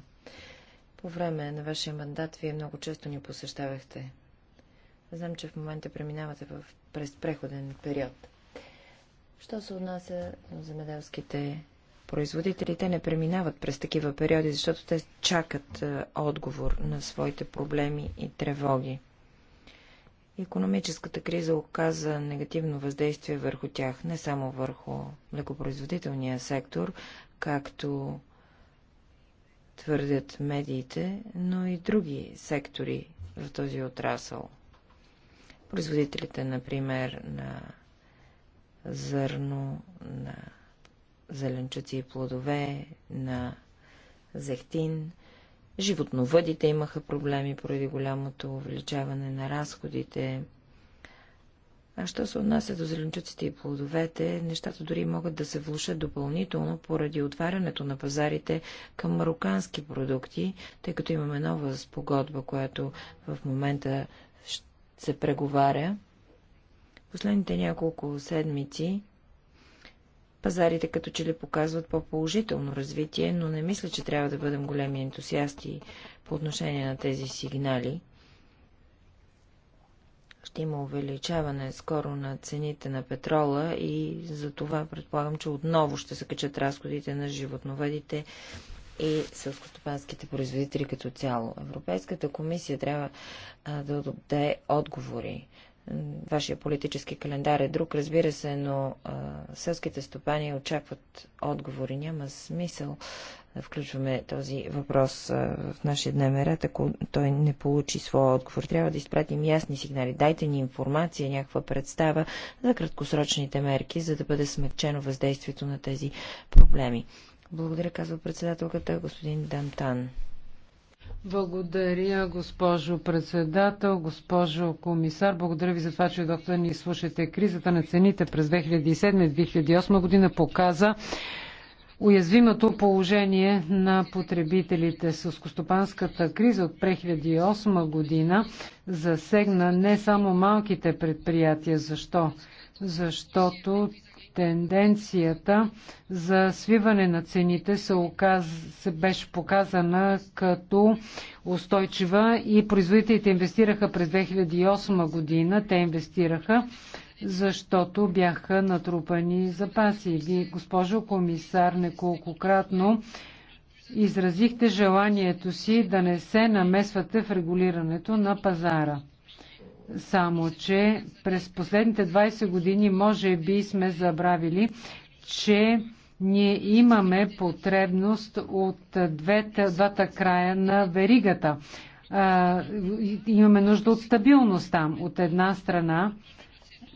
C: По време на вашия мандат вие много често ни посещавахте. Знам, че в момента преминавате в, през преходен период. Що се отнася до земеделските производители, те не преминават през такива периоди, защото те чакат е, отговор на своите проблеми и тревоги. Економическата криза оказа негативно въздействие върху тях, не само върху млекопроизводителния сектор, както твърдят медиите, но и други сектори в този отрасъл. Производителите, например, на зърно, на зеленчуци и плодове, на зехтин – Животновъдите имаха проблеми поради голямото увеличаване на разходите. А що се отнася до зеленчуците и плодовете, нещата дори могат да се влушат допълнително поради отварянето на пазарите към марокански продукти, тъй като имаме нова спогодба, която в момента се преговаря. Последните няколко седмици Пазарите като че ли показват по-положително развитие, но не мисля, че трябва да бъдем големи ентусиасти по отношение на тези сигнали. Ще има увеличаване скоро на цените на петрола и за това предполагам, че отново ще се качат разходите на животновъдите и селскостопанските производители като цяло. Европейската комисия трябва а, да даде отговори Вашия политически календар е друг, разбира се, но а, селските стопани очакват отговори. Няма смисъл да включваме този въпрос а, в нашия дневен ред, ако той не получи своя отговор. Трябва да изпратим ясни сигнали. Дайте ни информация, някаква представа за краткосрочните мерки, за да бъде смягчено въздействието на тези проблеми. Благодаря, казва председателката господин Дантан.
A: Благодаря, госпожо председател, госпожо комисар. Благодаря ви за това, че доктор ни слушате. Кризата на цените през 2007-2008 година показа уязвимото положение на потребителите. Сълскостопанската криза от 2008 година засегна не само малките предприятия. Защо? Защото тенденцията за свиване на цените се, оказ... се беше показана като устойчива и производителите инвестираха през 2008 година. Те инвестираха, защото бяха натрупани запаси. Вие, госпожо комисар, неколкократно изразихте желанието си да не се намесвате в регулирането на пазара. Само, че през последните 20 години може би сме забравили, че ние имаме потребност от двете, двата края на веригата. А, имаме нужда от стабилност там. От една страна,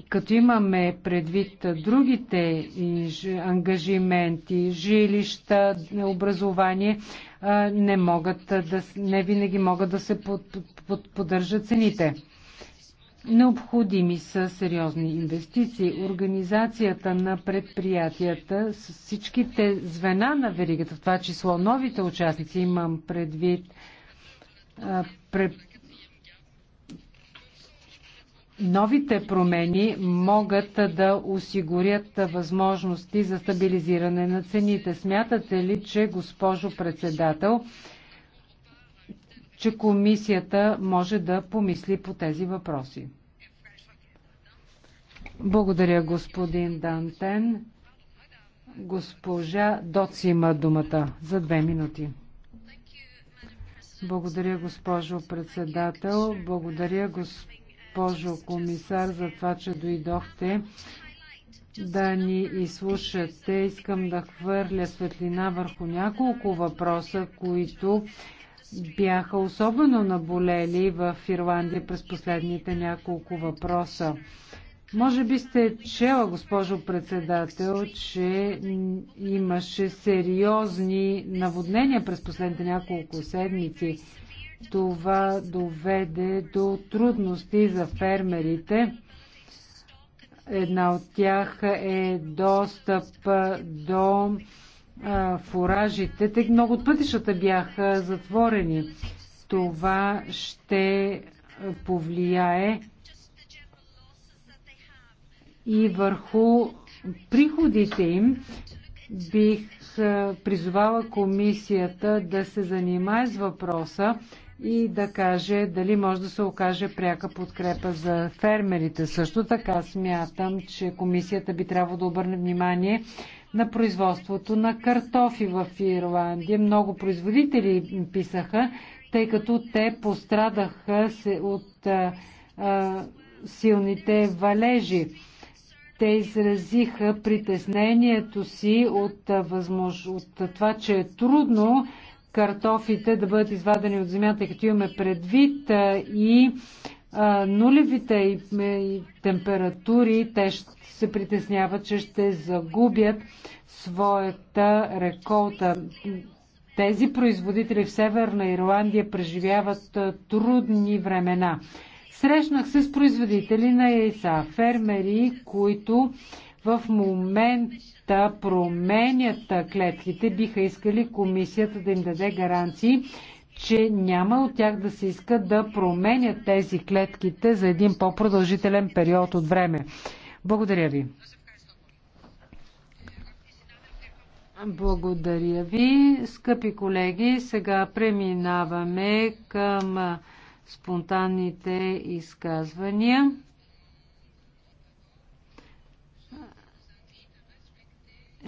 A: като имаме предвид другите ангажименти, жилища, образование, не, могат да, не винаги могат да се под, под, под, поддържат цените. Необходими са сериозни инвестиции. Организацията на предприятията с всичките звена на веригата, в това число новите участници, имам предвид а, пре... новите промени могат да осигурят възможности за стабилизиране на цените. Смятате ли, че, госпожо председател, че комисията може да помисли по тези въпроси. Благодаря, господин Дантен. Госпожа Доци има думата за две минути. Благодаря, госпожо председател. Благодаря, госпожо комисар, за това, че дойдохте да ни изслушате. Искам да хвърля светлина върху няколко въпроса, които бяха особено наболели в Ирландия през последните няколко въпроса. Може би сте чела, госпожо председател, че имаше сериозни наводнения през последните няколко седмици. Това доведе до трудности за фермерите. Една от тях е достъп до фуражите, тъй много от пътищата бяха затворени. Това ще повлияе и върху приходите им. Бих призовала комисията да се занимае с въпроса и да каже дали може да се окаже пряка подкрепа за фермерите. Също така смятам, че комисията би трябвало да обърне внимание на производството на картофи в Ирландия. Много производители им писаха, тъй като те пострадаха се от а, а, силните валежи. Те изразиха притеснението си от, а, възмож... от това, че е трудно картофите да бъдат извадени от земята, като имаме предвид а, и нулевите температури, те се притесняват, че ще загубят своята реколта. Тези производители в Северна Ирландия преживяват трудни времена. Срещнах се с производители на яйца, фермери, които в момента променят клетките, биха искали комисията да им даде гаранции, че няма от тях да се иска да променят тези клетките за един по-продължителен период от време. Благодаря ви. Благодаря ви, скъпи колеги. Сега преминаваме към спонтанните изказвания.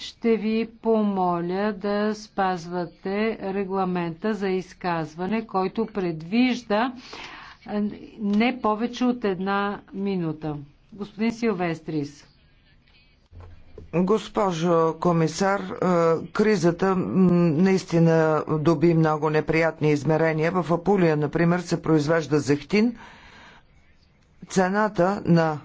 A: ще ви помоля да спазвате регламента за изказване, който предвижда не повече от една минута. Господин Силвестрис.
B: Госпожо комисар, кризата наистина доби много неприятни измерения. В Апулия, например, се произвежда зехтин. Цената на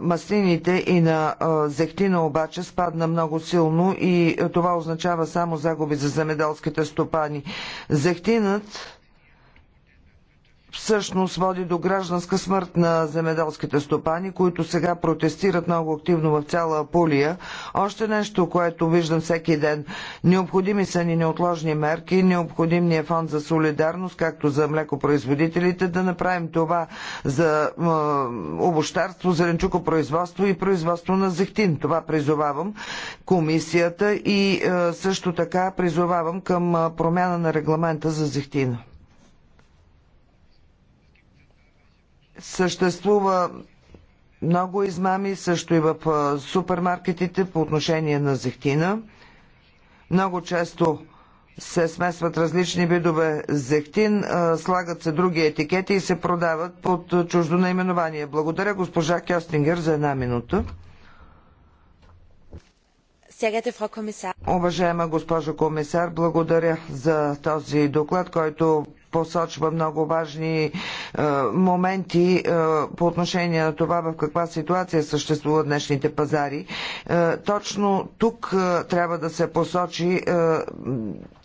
B: маслините и на зехтина обаче спадна много силно и това означава само загуби за земеделските стопани. Зехтинът всъщност води до гражданска смърт на земеделските стопани, които сега протестират много активно в цяла Апулия. Още нещо, което виждам всеки ден. Необходими са ни неотложни мерки, необходимният е фонд за солидарност, както за млекопроизводителите, да направим това за е, обощарство, зеленчукопроизводство и производство на зехтин. Това призовавам комисията и е, също така призовавам към промяна на регламента за зехтина. Съществува много измами също и в супермаркетите по отношение на зехтина. Много често се смесват различни видове зехтин, слагат се други етикети и се продават под чуждо наименование. Благодаря госпожа Кьостингер за една минута. Уважаема госпожо комисар, благодаря за този доклад, който посочва много важни е, моменти е, по отношение на това в каква ситуация съществуват днешните пазари. Е, точно тук е, трябва да се посочи е,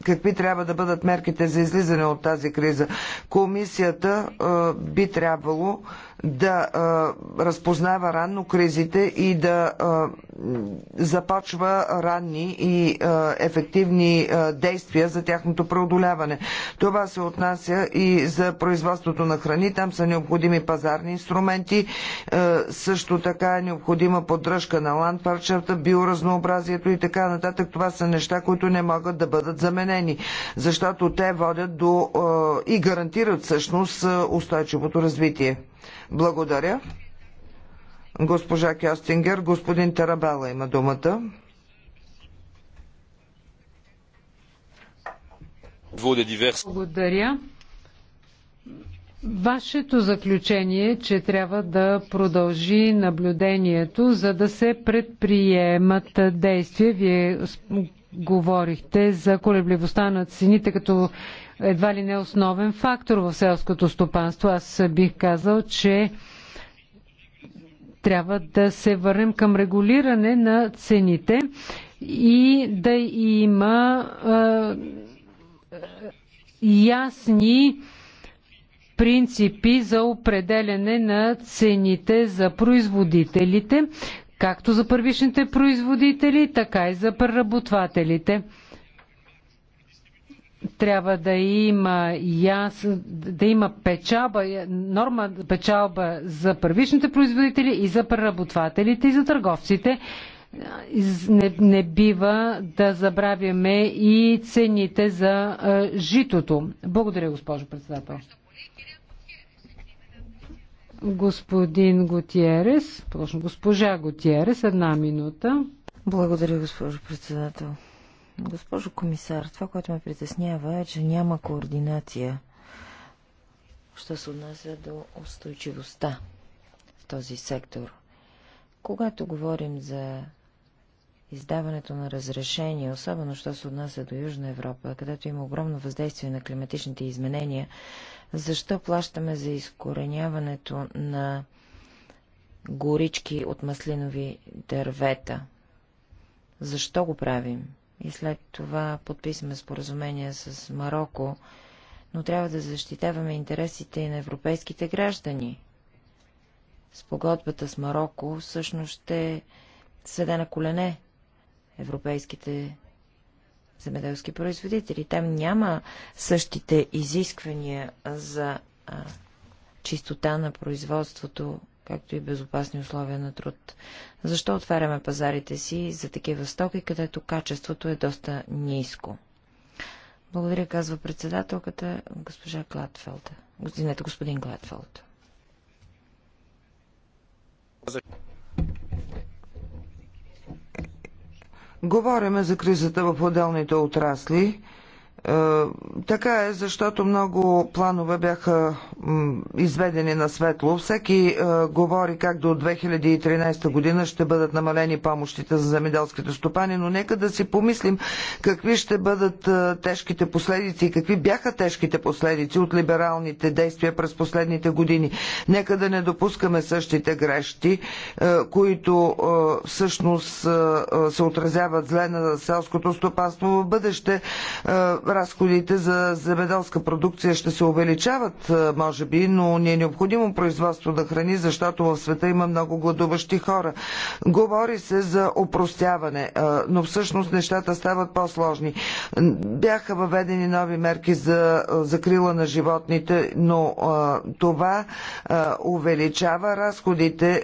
B: какви трябва да бъдат мерките за излизане от тази криза. Комисията е, би трябвало е, да а, разпознава ранно кризите и да а, започва ранни и а, ефективни а, действия за тяхното преодоляване. Това се отнася и за производството на храни. Там са необходими пазарни инструменти. А, също така е необходима поддръжка на ландфарчерта, биоразнообразието и така нататък. Това са неща, които не могат да бъдат заменени, защото те водят до а, и гарантират всъщност устойчивото развитие. Благодаря. Госпожа Кястингер, господин Тарабела има думата. Благодаря.
A: Вашето заключение е, че трябва да продължи наблюдението, за да се предприемат действия. Вие говорихте за колебливостта на цените като едва ли не основен фактор в селското стопанство. Аз бих казал, че трябва да се върнем към регулиране на цените и да има е, ясни принципи за определене на цените за производителите, както за първичните производители, така и за преработвателите трябва да има, яс, да има печалба, норма печалба за първичните производители и за преработвателите и за търговците. Не, не бива да забравяме и цените за а, житото. Благодаря, госпожо председател. Господин Готиерес, точно госпожа
C: Готиерес, една минута. Благодаря, госпожо председател. Госпожо комисар, това, което ме притеснява е, че няма координация, що се отнася до устойчивостта в този сектор. Когато говорим за издаването на разрешения, особено що се отнася до Южна Европа, където има огромно въздействие на климатичните изменения, защо плащаме за изкореняването на горички от маслинови дървета? Защо го правим? и след това подписаме споразумение с Марокко, но трябва да защитаваме интересите и на европейските граждани. Спогодбата с Марокко всъщност ще седе на колене европейските земеделски производители. Там няма същите изисквания за чистота на производството както и безопасни условия на труд. Защо отваряме пазарите си за такива стоки, където качеството е доста ниско? Благодаря, казва председателката госпожа Клатфелд. Извинете,
B: господин Клатфелд. Говориме за кризата в отделните отрасли. Е, така е, защото много планове бяха изведени на светло. Всеки е, говори как до 2013 година ще бъдат намалени помощите за земеделските стопани, но нека да си помислим какви ще бъдат е, тежките последици и какви бяха тежките последици от либералните действия през последните години. Нека да не допускаме същите грешки, които всъщност се отразяват зле на селското стопанство в бъдеще разходите за земеделска продукция ще се увеличават, е, може би, но ни е необходимо производство на храни, защото в света има много гладуващи хора. Говори се за опростяване, е, но всъщност нещата стават по-сложни. Бяха въведени нови мерки за е, закрила на животните, но това увеличава разходите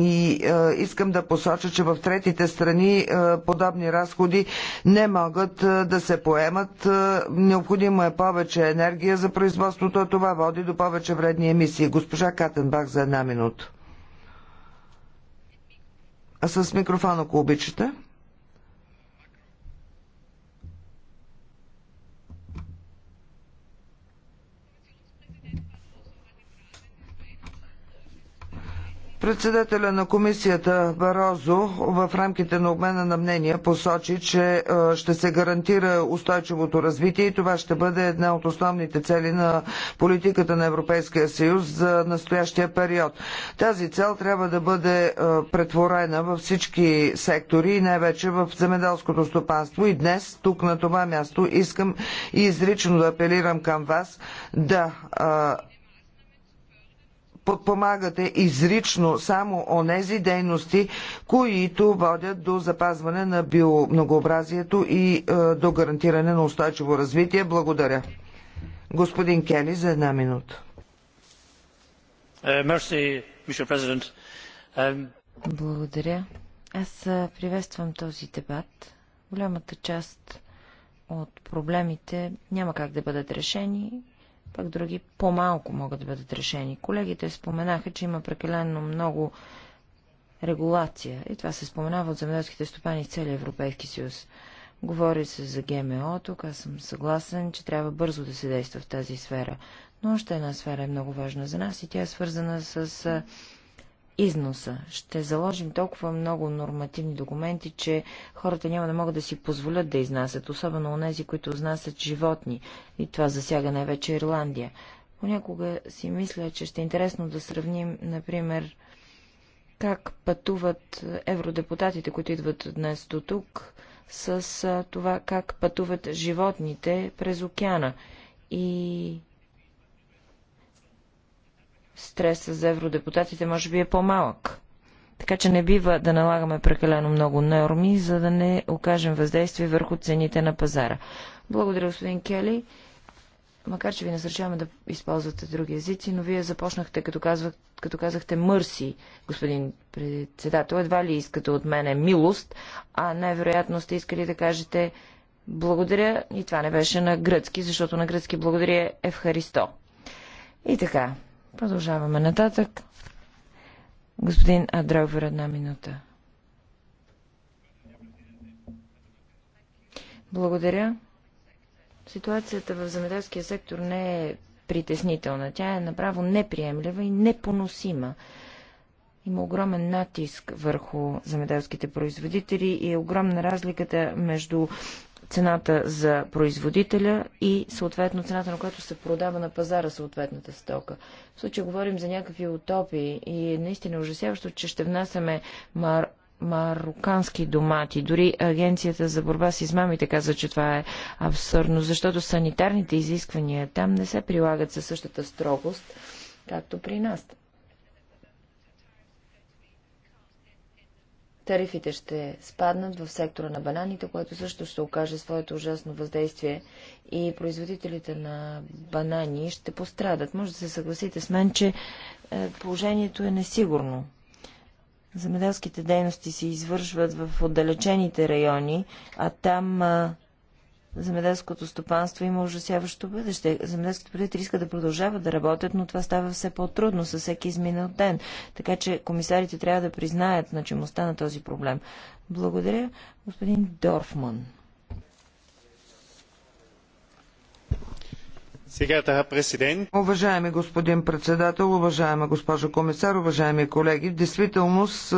B: и искам да посоча, че в третите страни подобни разходи не могат да се поемат необходимо е повече енергия за производството, а това води до повече вредни емисии. Госпожа Катенбах за една минута. А с микрофон, ако обичате. Председателя на комисията Барозо в рамките на обмена на мнения посочи, че е, ще се гарантира устойчивото развитие и това ще бъде една от основните цели на политиката на Европейския съюз за настоящия период. Тази цел трябва да бъде е, претворена във всички сектори и най-вече в земеделското стопанство. И днес, тук на това място, искам и изрично да апелирам към вас да е, подпомагате изрично само онези дейности, които водят до запазване на биомногообразието и е, до гарантиране на устойчиво развитие. Благодаря. Господин Кели за една минута.
C: Е,
B: Благодаря.
C: Аз е, приветствам този дебат. Голямата част от проблемите няма как да бъдат решени пък други по-малко могат да бъдат решени. Колегите споменаха, че има прекалено много регулация и това се споменава от земеделските стопани в целия Европейски съюз. Говори се за ГМО, тук аз съм съгласен, че трябва бързо да се действа в тази сфера. Но още една сфера е много важна за нас и тя е свързана с износа. Ще заложим толкова много нормативни документи, че хората няма да могат да си позволят да изнасят, особено онези, които изнасят животни. И това засяга най-вече Ирландия. Понякога си мисля, че ще е интересно да сравним, например, как пътуват евродепутатите, които идват днес до тук, с това как пътуват животните през океана. И стреса за евродепутатите може би е по-малък. Така че не бива да налагаме прекалено много норми, за да не окажем въздействие върху цените на пазара. Благодаря, господин Кели. Макар, че ви насърчаваме да използвате други езици, но вие започнахте, като, казвах, като казахте мърси, господин председател. Едва ли искате от мене милост, а най-вероятно сте искали да кажете благодаря и това не беше на гръцки, защото на гръцки благодаря е в Харисто. И така, Продължаваме нататък. Господин Адревер, една минута. Благодаря. Ситуацията в земеделския сектор не е притеснителна. Тя е направо неприемлива и непоносима. Има огромен натиск върху земеделските производители и е огромна разликата между цената за производителя и съответно цената, на която се продава на пазара съответната стока. В случай говорим за някакви утопии и е наистина ужасяващо, че ще внасяме мар... марокански домати. Дори агенцията за борба с измамите каза, че това е абсурдно, защото санитарните изисквания там не се прилагат със същата строгост, както при нас. Тарифите ще спаднат в сектора на бананите, което също ще окаже своето ужасно въздействие и производителите на банани ще пострадат. Може да се съгласите с мен, че е, положението е несигурно. Земеделските дейности се извършват в отдалечените райони, а там е, земеделското стопанство има ужасяващо бъдеще. Земеделските предприятия искат да продължават да работят, но това става все по-трудно със всеки изминал ден. Така че комисарите трябва да признаят значимостта на този проблем. Благодаря, господин Дорфман.
B: Уважаеми господин председател, уважаема госпожо комисар, уважаеми колеги, в действителност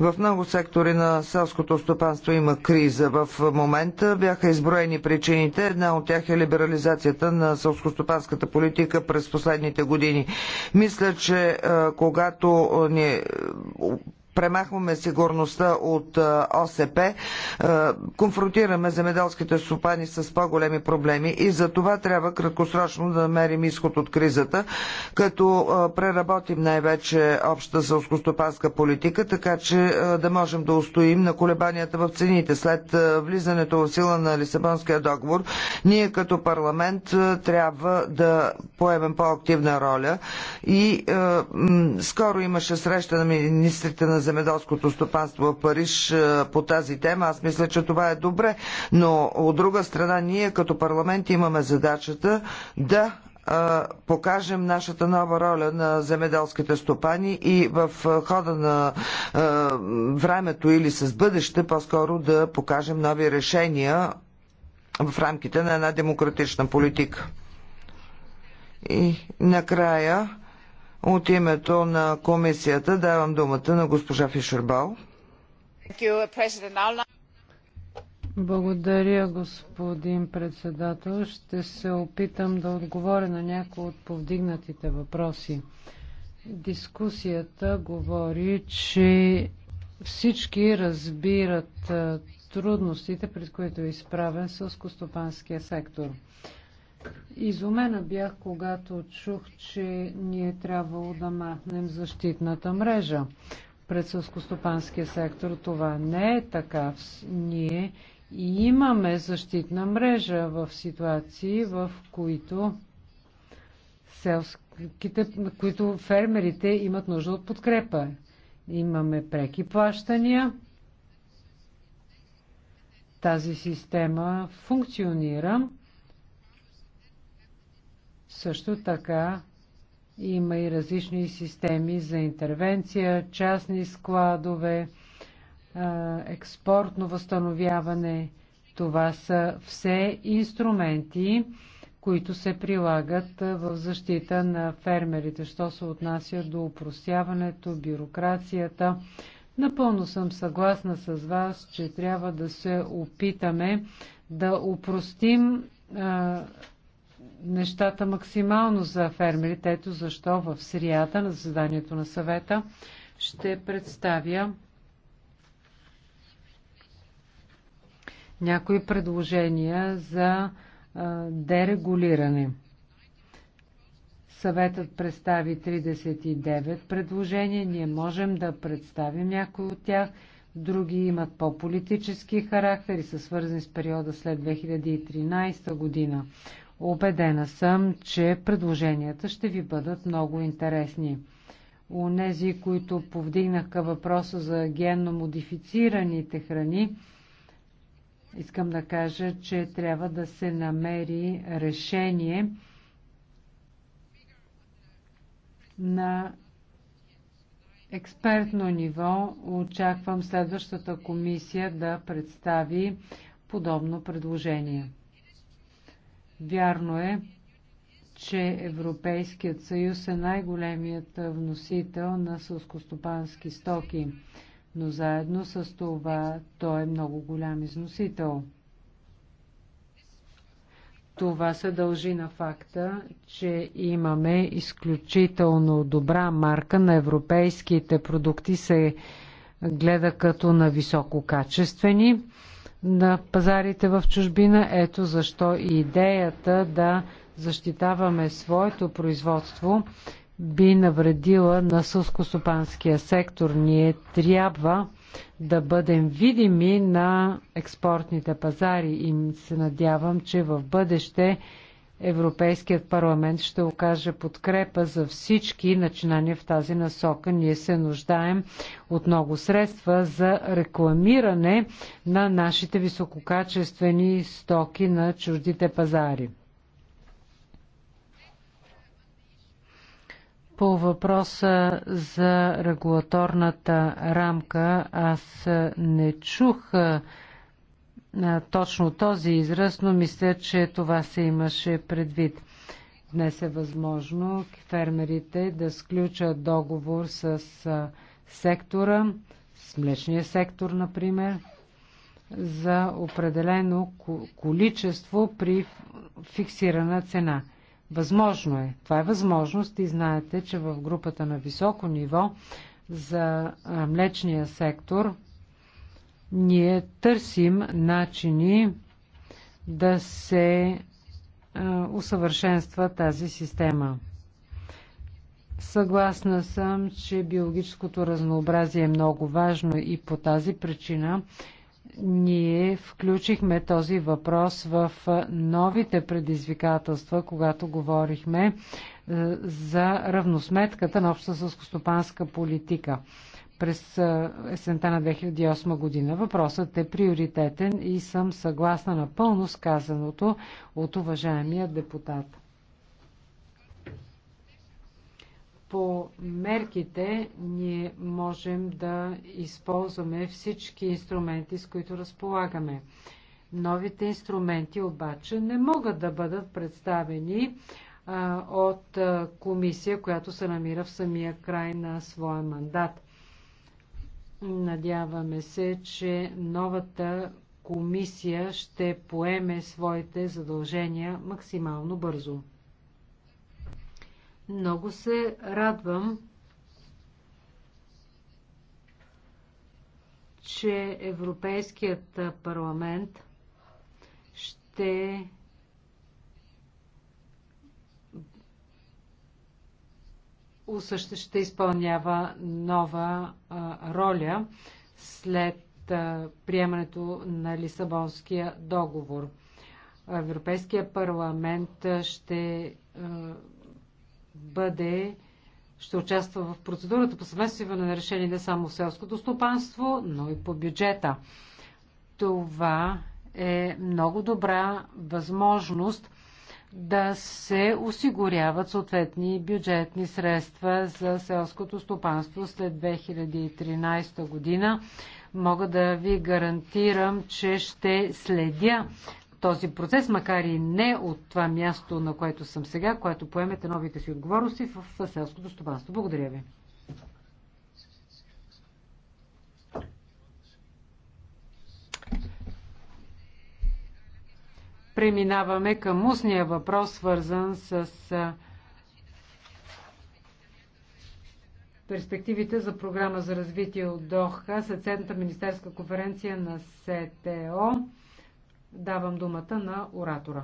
B: в много сектори на селското стопанство има криза. В момента бяха изброени причините. Една от тях е либерализацията на селскостопанската политика през последните години. Мисля, че когато ни премахваме сигурността от ОСП, конфронтираме земеделските стопани с по-големи проблеми и за това трябва краткосрочно да намерим изход от кризата, като преработим най-вече общата селскостопанска политика, така че да можем да устоим на колебанията в цените. След влизането в сила на Лисабонския договор, ние като парламент трябва да поемем по-активна роля и скоро имаше среща на министрите на земеделското стопанство в Париж е, по тази тема. Аз мисля, че това е добре, но от друга страна ние като парламент имаме задачата да е, покажем нашата нова роля на земеделските стопани и в е, хода на времето или с бъдеще по-скоро да покажем нови решения в рамките на една демократична политика. И накрая от името на комисията давам думата на госпожа Фишербал.
A: Благодаря, господин председател. Ще се опитам да отговоря на някои от повдигнатите въпроси. Дискусията говори, че всички разбират трудностите, пред които е изправен сълскостопанския сектор – Изумена бях, когато чух, че ние трябвало да махнем защитната мрежа пред сълскостопанския сектор. Това не е така. Ние имаме защитна мрежа в ситуации, в които селските, които фермерите имат нужда от подкрепа. Имаме преки плащания. Тази система функционира. Също така има и различни системи за интервенция, частни складове, експортно възстановяване. Това са все инструменти, които се прилагат в защита на фермерите, що се отнася до упростяването, бюрокрацията. Напълно съм съгласна с вас, че трябва да се опитаме да упростим нещата максимално за фермерите. Ето защо в срията на заседанието на съвета ще представя някои предложения за дерегулиране. Съветът представи 39 предложения. Ние можем да представим някои от тях. Други имат по-политически характер и са свързани с периода след 2013 година. Обедена съм, че предложенията ще ви бъдат много интересни. Унези, които повдигнаха въпроса за генно модифицираните храни, искам да кажа, че трябва да се намери решение на експертно ниво. Очаквам следващата комисия да представи подобно предложение. Вярно е, че Европейският съюз е най-големият вносител на сълскостопански стоки, но заедно с това той е много голям износител. Това се дължи на факта, че имаме изключително добра марка на европейските продукти се гледа като на висококачествени. качествени на пазарите в чужбина. Ето защо и идеята да защитаваме своето производство би навредила на сълскостопанския сектор. Ние трябва да бъдем видими на експортните пазари и се надявам, че в бъдеще Европейският парламент ще окаже подкрепа за всички начинания в тази насока. Ние се нуждаем от много средства за рекламиране на нашите висококачествени стоки на чуждите пазари. По въпроса за регулаторната рамка аз не чух точно този израз, но мисля, че това се имаше предвид. Днес е възможно фермерите да сключат договор с сектора, с млечния сектор, например, за определено количество при фиксирана цена. Възможно е. Това е възможност и знаете, че в групата на високо ниво за млечния сектор ние търсим начини да се усъвършенства тази система. Съгласна съм, че биологическото разнообразие е много важно и по тази причина ние включихме този въпрос в новите предизвикателства, когато говорихме за равносметката на обща сълскостопанска политика през есента на 2008 година. Въпросът е приоритетен и съм съгласна напълно с казаното от уважаемия депутат. По мерките ние можем да използваме всички инструменти, с които разполагаме. Новите инструменти обаче не могат да бъдат представени от комисия, която се намира в самия край на своя мандат. Надяваме се, че новата комисия ще поеме своите задължения максимално бързо. Много се радвам, че Европейският парламент ще Усъща ще изпълнява нова роля след приемането на Лисабонския договор. Европейския парламент ще бъде ще участва в процедурата по съвместиване на решение не само в селското стопанство, но и по бюджета. Това е много добра възможност да се осигуряват съответни бюджетни средства за селското стопанство след 2013 година. Мога да ви гарантирам, че ще следя този процес, макар и не от това място, на което съм сега, което поемете новите си отговорности в селското стопанство. Благодаря ви. преминаваме към устния въпрос, свързан с перспективите за програма за развитие от Доха, съседната министерска конференция на СТО. Давам думата на оратора.